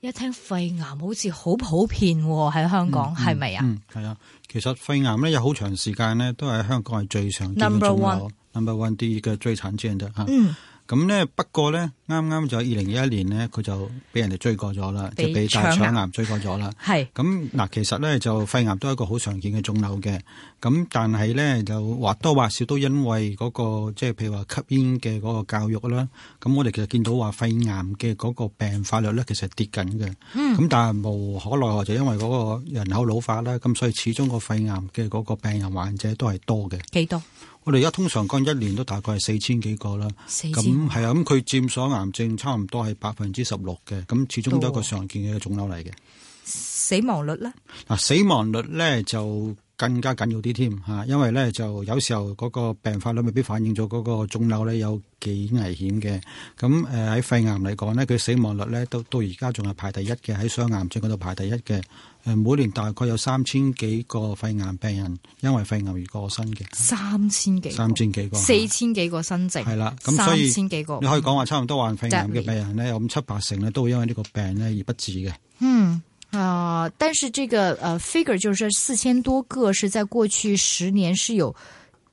一聽肺癌好似好普遍喎，喺香港係咪啊？嗯，係、嗯、啊、嗯嗯，其實肺癌咧有好長時間咧都係香港係最常見 number one，number one 第一個最常見嘅。Number one. Number one 咁咧，不過咧，啱啱就喺二零一一年咧，佢就俾人哋追過咗啦，就俾大腸癌追過咗啦。係。咁嗱，其實咧就肺癌都係一個好常見嘅腫瘤嘅。咁但係咧就或多或少都因為嗰，嗰個即係譬如話吸煙嘅嗰個教育啦。咁我哋其實見到話肺癌嘅嗰個病發率咧，其實跌緊嘅。咁，嗯、但係無可奈何，就因為嗰個人口老化啦。咁所以始終個肺癌嘅嗰個病人患者都係多嘅。幾多？我哋而家通常講一年都大概係四千幾個啦，咁係啊，咁佢佔所癌症差唔多係百分之十六嘅，咁始終都係一個常見嘅腫瘤嚟嘅。死亡率咧？嗱，死亡率咧就更加緊要啲添吓，因為咧就有時候嗰個病發率未必反映咗嗰個腫瘤咧有幾危險嘅。咁誒喺肺癌嚟講咧，佢死亡率咧都到而家仲係排第一嘅，喺所有癌症嗰度排第一嘅。每年大概有三千幾個肺癌病人因為肺癌而過身嘅，三千幾個，三千幾個，三千幾個，四千幾個新症，係啦，咁所以你可以講話差唔多患肺癌嘅病人咧，有、嗯、咁七八成咧都會因為呢個病咧而不治嘅。嗯啊、呃，但是這個誒 figure 就是四千多個是在過去十年是有。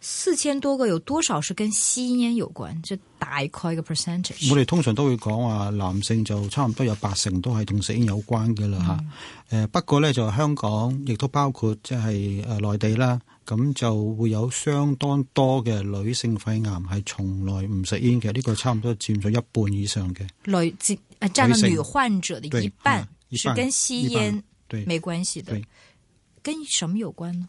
四千多個有多少是跟吸煙有關？就大概一個 percentage。我哋通常都會講話男性就差唔多有八成都係同食煙有關嘅啦吓。誒、嗯呃，不過咧就香港亦都包括即係誒內地啦，咁就會有相當多嘅女性肺癌係從來唔食煙嘅。呢、這個差唔多佔咗一半以上嘅女佔佔女患者嘅一半，一半是跟吸煙對沒關係嘅，跟什麼有關呢？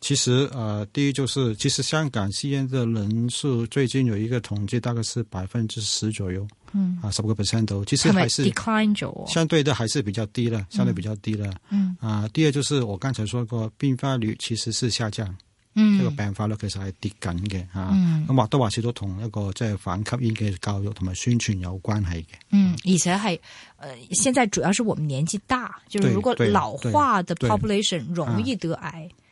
其實，呃，第一就是，其實香港吸煙的人數最近有一個統計，大概是百分之十左右。嗯。啊，十個 percent 其實還是相對的還是比較低了、嗯、相對比較低了。嗯。啊，第二就是我剛才說過，病發率其實是下降。嗯。這個病發率其實還跌緊的啊。嗯。咁或多或少都同一個即係反吸煙嘅教育同埋宣傳有關係嘅、嗯。嗯，以前係，呃，現在主要是我們年紀大，就是如果老化的 population 容易得癌。啊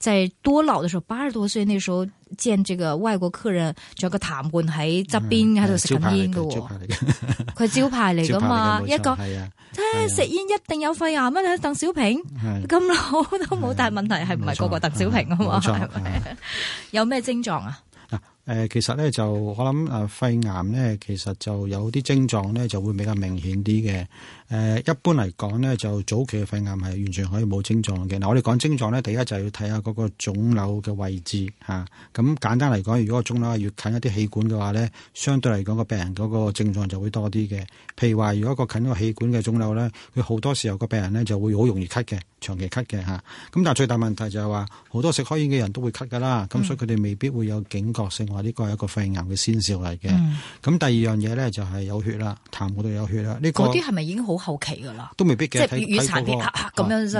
就係多老嘅時候，八十多歲呢個時候見這個外國客人，仲有一個談判喺側邊喺度食煙噶喎，佢、嗯、招牌嚟噶嘛，一個，誒、啊啊啊、食煙一定有肺癌咩？鄧小平咁、啊、老都冇，大問題係唔係個個鄧小平噶嘛？有咩症狀啊？嗱，誒其實咧就我諗誒肺癌咧，其實就，其實就有啲症狀咧就會比較明顯啲嘅。誒、呃、一般嚟講咧，就早期嘅肺癌係完全可以冇症狀嘅。嗱、呃，我哋講症狀咧，第一就要睇下嗰個腫瘤嘅位置吓。咁、啊、簡單嚟講，如果個腫瘤係越近一啲氣管嘅話咧，相對嚟講、個病人嗰個症狀就會多啲嘅。譬如話，如果一個近一個氣管嘅腫瘤咧，佢好多時候個病人咧就會好容易咳嘅，長期咳嘅吓。咁、啊、但係最大問題就係話，好多食開煙嘅人都會咳㗎啦，咁所以佢哋未必會有警覺性話呢個係一個肺癌嘅先兆嚟嘅。咁、嗯、第二樣嘢咧就係、是、有血啦，痰嗰度有血啦。呢嗰啲係咪已經好？後期噶啦，都未必嘅。即係與與殘必卡咁樣，差唔多死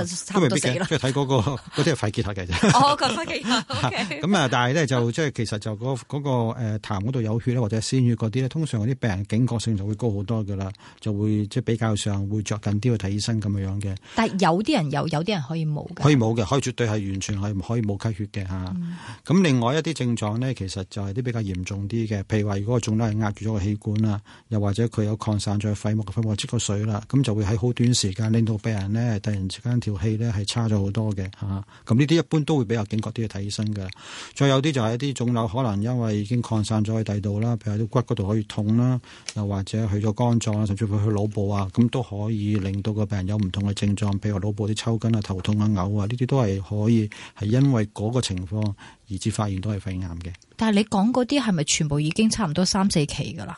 啦。即係睇嗰個嗰啲係肺結核嘅啫。 哦，個肺結核。咁、okay、啊，但係咧就即係其實就嗰、那、嗰個誒、那個呃、痰嗰度有血咧，或者鮮血嗰啲咧，通常嗰啲病人警覺性就會高好多噶啦，就會即係、就是、比較上會着緊啲去睇醫生咁樣樣嘅。但係有啲人有，有啲人可以冇嘅。可以冇嘅，可以絕對係完全係可以冇咳血嘅吓。咁、啊嗯、另外一啲症狀咧，其實就係啲比較嚴重啲嘅，譬如話如果個腫瘤係壓住咗個氣管啦，又或者佢有擴散咗肺膜，嘅肺膜積過水啦。咁就會喺好短時間令到病人咧突然之間條氣咧係差咗好多嘅嚇，咁呢啲一般都會比較警覺啲去睇醫生嘅。再有啲就係一啲腫瘤，可能因為已經擴散咗喺第二度啦，譬如喺啲骨嗰度可以痛啦，又或者去咗肝臟啊，甚至乎去腦部啊，咁都可以令到個病人有唔同嘅症狀，譬如話腦部啲抽筋啊、頭痛啊、嘔、呃、啊，呢啲都係可以係因為嗰個情況。而至發現都係肺癌嘅，但係你講嗰啲係咪全部已經差唔多三四期㗎喇？誒、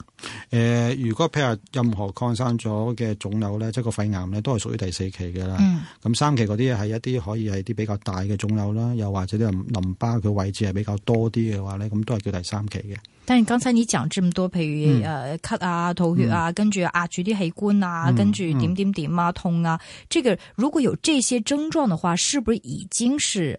呃，如果譬如任何擴散咗嘅腫瘤咧，即係個肺癌咧，都係屬於第四期嘅啦。咁、嗯、三期嗰啲係一啲可以係啲比較大嘅腫瘤啦，又或者啲淋巴嘅位置係比較多啲嘅話咧，咁都係叫第三期嘅。但係剛才你講咁多，譬如誒咳啊、吐、嗯、血啊，跟住壓住啲器官啊，嗯、跟住點點點啊、痛啊，即、這個如果有這些症狀嘅話，是不是已經是？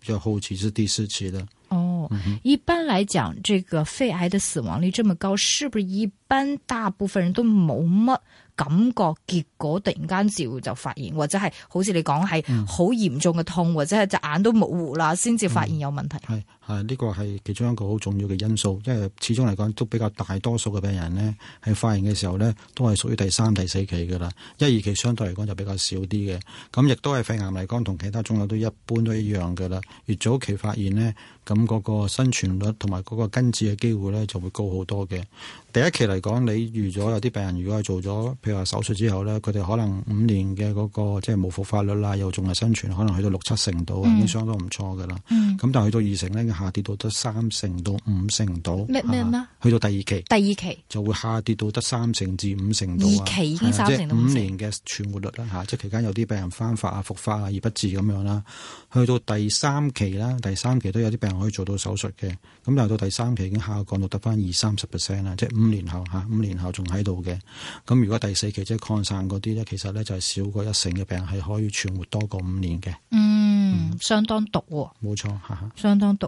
比較後期是第四期的。哦、嗯，一般來講，這個肺癌的死亡率這麼高，是不是一般大部分人都冇乜感覺？結果突然間就發現，或者係好似你講係好嚴重嘅痛，嗯，或者係隻眼都模糊啦，先至發現有問題。嗯係呢、這個係其中一個好重要嘅因素，因為始終嚟講都比較大多數嘅病人呢，喺發現嘅時候呢，都係屬於第三、第四期噶啦，一二期相對嚟講就比較少啲嘅。咁亦都係肺癌嚟講同其他腫瘤都一般都一樣噶啦。越早期發現呢，咁嗰個生存率同埋嗰個根治嘅機會呢就會高好多嘅。第一期嚟講，你預咗有啲病人如果係做咗，譬如話手術之後呢，佢哋可能五年嘅嗰、那個即係冇復發率啦，又仲係生存，可能去到六七成度，已經相當唔錯噶啦。嗯。咁、嗯、但係去到二成呢。下跌到得三成到五成度，咩咩咩？去到第二期，第二期就會下跌到得三成至五成度啊！即係、啊五，啊就是、五年嘅存活率啦、啊，吓、啊！即係期間有啲病人翻、啊、發啊、復發啊而不治咁樣啦、啊。去到第三期啦、啊啊，第三期都有啲病人可以做到手術嘅。咁又到第三期已經下降到得翻二三十 percent 啦，即係、就是、五年後吓、啊，五年後仲喺度嘅。咁如果第四期即係擴散嗰啲咧，其實咧就係、是、少過一成嘅病人係可以存活多過五年嘅、嗯。嗯，相當毒、啊，冇錯，吓、啊，相當毒、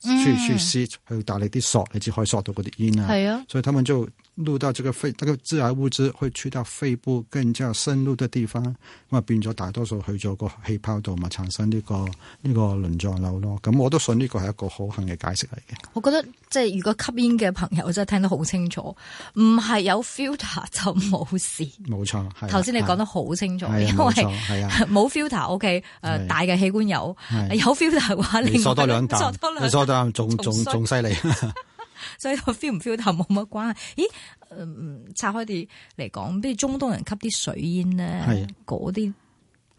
去去撕去大力啲索，你只可以索到嗰啲煙啊！係啊，所以他們就。入到這個肺，這個致癌物質會去到肺部更加深入的地方，咁啊變咗大多數去咗個氣泡度，咪產生呢、這個呢、這個鱗狀瘤咯。咁我都信呢個係一個可行嘅解釋嚟嘅。我覺得即係如果吸煙嘅朋友真係聽得好清楚，唔係有 filter 就冇事。冇錯，頭先、啊、你講得好清楚，啊、因為冇 filter，OK，啊 okay, 誒、啊、大嘅器官有，啊、有 filter 嘅話，你嗦多兩啖，你嗦多兩啖，仲仲仲犀利。 所以我 feel 唔 feel 同冇乜關係？咦，拆開啲嚟講，比如中東人吸啲水煙咧，嗰啲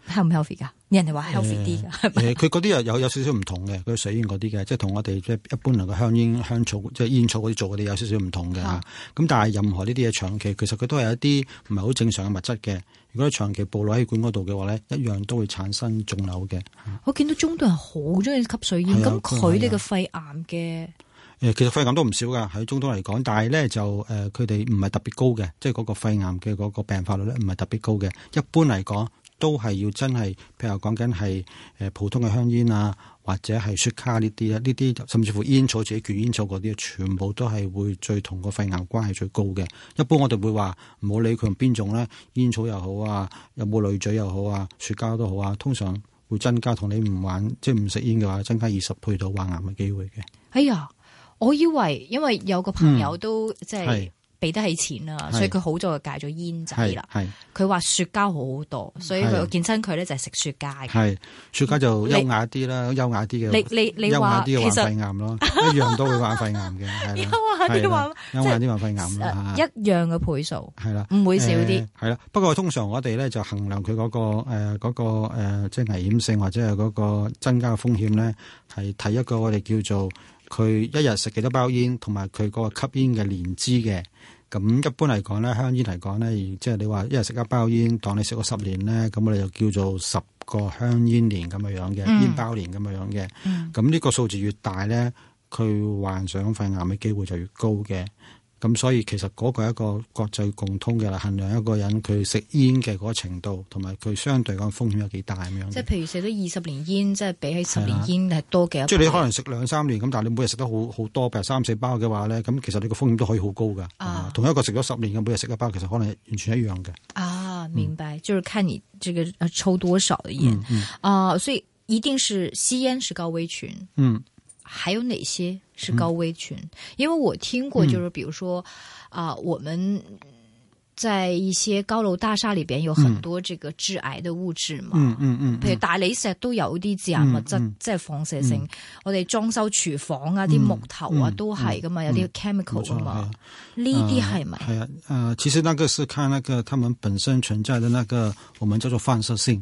係唔 healthy 噶？是是人哋話 healthy 啲噶？佢嗰啲又有有少少唔同嘅，佢水煙嗰啲嘅，即係同我哋即係一般能夠香煙香草即係煙草嗰啲做啲有少少唔同嘅咁、啊、但係任何呢啲嘢長期，其實佢都係一啲唔係好正常嘅物質嘅。如果長期暴露喺管嗰度嘅話咧，一樣都會產生腫瘤嘅。我見到中東人好中意吸水煙，咁佢呢個肺癌嘅。誒，其實肺癌都唔少㗎，喺中東嚟講，但係咧就誒，佢哋唔係特別高嘅，即係嗰個肺癌嘅嗰個病發率咧，唔係特別高嘅。一般嚟講，都係要真係，譬如講緊係誒普通嘅香煙啊，或者係雪茄呢啲啦，呢啲甚至乎煙草自己捲煙草嗰啲，全部都係會最同個肺癌關係最高嘅。一般我哋會話唔好理佢用邊種咧，煙草又好啊，有冇濾嘴又好啊，雪茄都好啊，通常會增加同你唔玩即係唔食煙嘅話，增加二十倍到患癌嘅機會嘅。哎呀！我以為，因為有個朋友都即係俾得起錢啦、嗯，所以佢好早就戒咗煙仔啦。佢話雪茄好好多，所以佢健身佢咧就係食雪茄。係雪茄就優雅啲啦，優雅啲嘅。你你你話其實肺癌咯、 就係，一樣都會患肺癌嘅。優雅啲嘅話，優雅啲患肺癌啊，一樣嘅倍數係啦，唔會少啲係啦。不過通常我哋咧就衡量佢嗰、嗰個誒嗰個誒即係危險性或者係嗰個增加嘅風險咧，係睇一個我哋叫做。佢一日食幾多包煙，同埋佢嗰個吸煙嘅年資嘅，咁一般嚟講咧，香煙嚟講咧，即係你話一日食一包煙，當你食咗十年咧，咁我哋就叫做十個香煙年咁樣嘅、嗯，煙包年咁樣嘅，咁呢個數字越大咧，佢患上肺癌嘅機會就越高嘅。咁、嗯、所以其實嗰個係一個國際共通嘅啦，衡量一個人佢食煙嘅嗰個程度，同埋佢相對嘅風險有幾大咁樣。即係譬如食咗二十年煙，即係比起十年煙係多幾多？即係、啊就是、你可能食兩三年咁，但係你每日食得好好多，譬如三四包嘅話咧，咁其實你個風險都可以好高噶。啊，同一個食咗十年嘅每日食一包，其實可能係完全一樣嘅。啊，明白，嗯、就是看你這個抽多少嘅煙、嗯嗯、啊，所以一定是吸煙是高危群。嗯。還有哪些是高危群？嗯、因為我聽過，就是比如說啊、嗯呃，我們在一些高樓大廈裏邊有很多這個致癌的物質嘛，嗯嗯、嗯，譬如大理石都有啲致癌物質，即係放射性。嗯、我哋裝修廚房啊，啲、嗯、木頭啊都係噶嘛，嗯、有啲 chemical 噶、嗯嗯、嘛，呢啲係咪？係啊，呃、啊，其實那個是看那個他們本身存在的那個，我們叫做放射性。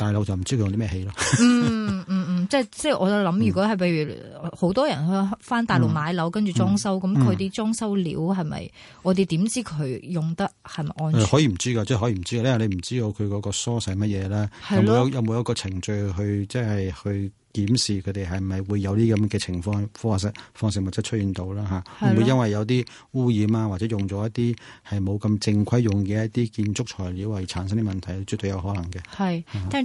大陸就唔知佢用啲咩氣咯。嗯嗯嗯即係即係，我就諗，如果係譬如好多人去翻大陸買樓跟住裝修，咁佢啲裝修料係咪、嗯？我哋點知佢用得係咪安全？可以唔知噶，即係可以唔知噶，因為你唔知道佢嗰個梳洗乜嘢咧，有冇有冇一個程序去即係、就是、去檢視佢哋係咪會有啲咁嘅情況，化學放射放射物質出現到啦吓，唔會，會因為有啲污染啊，或者用咗一啲係冇咁正規用嘅一啲建築材料而產生啲問題，絕對有可能嘅。係。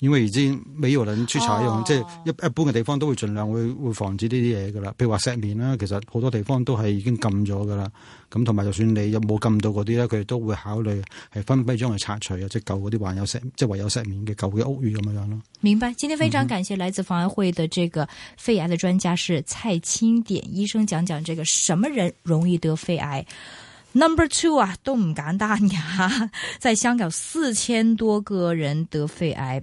因為而家美容人出採用，Oh. 即係一一般嘅地方都會盡量會會防止呢啲嘢噶啦。譬如話石棉啦，其實好多地方都係已經禁咗噶啦。咁同埋就算你有冇禁到嗰啲咧，佢哋都會考慮係分批將佢拆除啊，即係舊嗰啲還有石即係唯有石棉嘅舊嘅屋宇咁樣咯。明白。今天非常感謝來自防癌會嘅這個肺癌嘅專家是蔡清典醫生，講講這個什麼人容易得肺癌。Number two 啊，都唔簡單啊！在香港四千多個人得肺癌。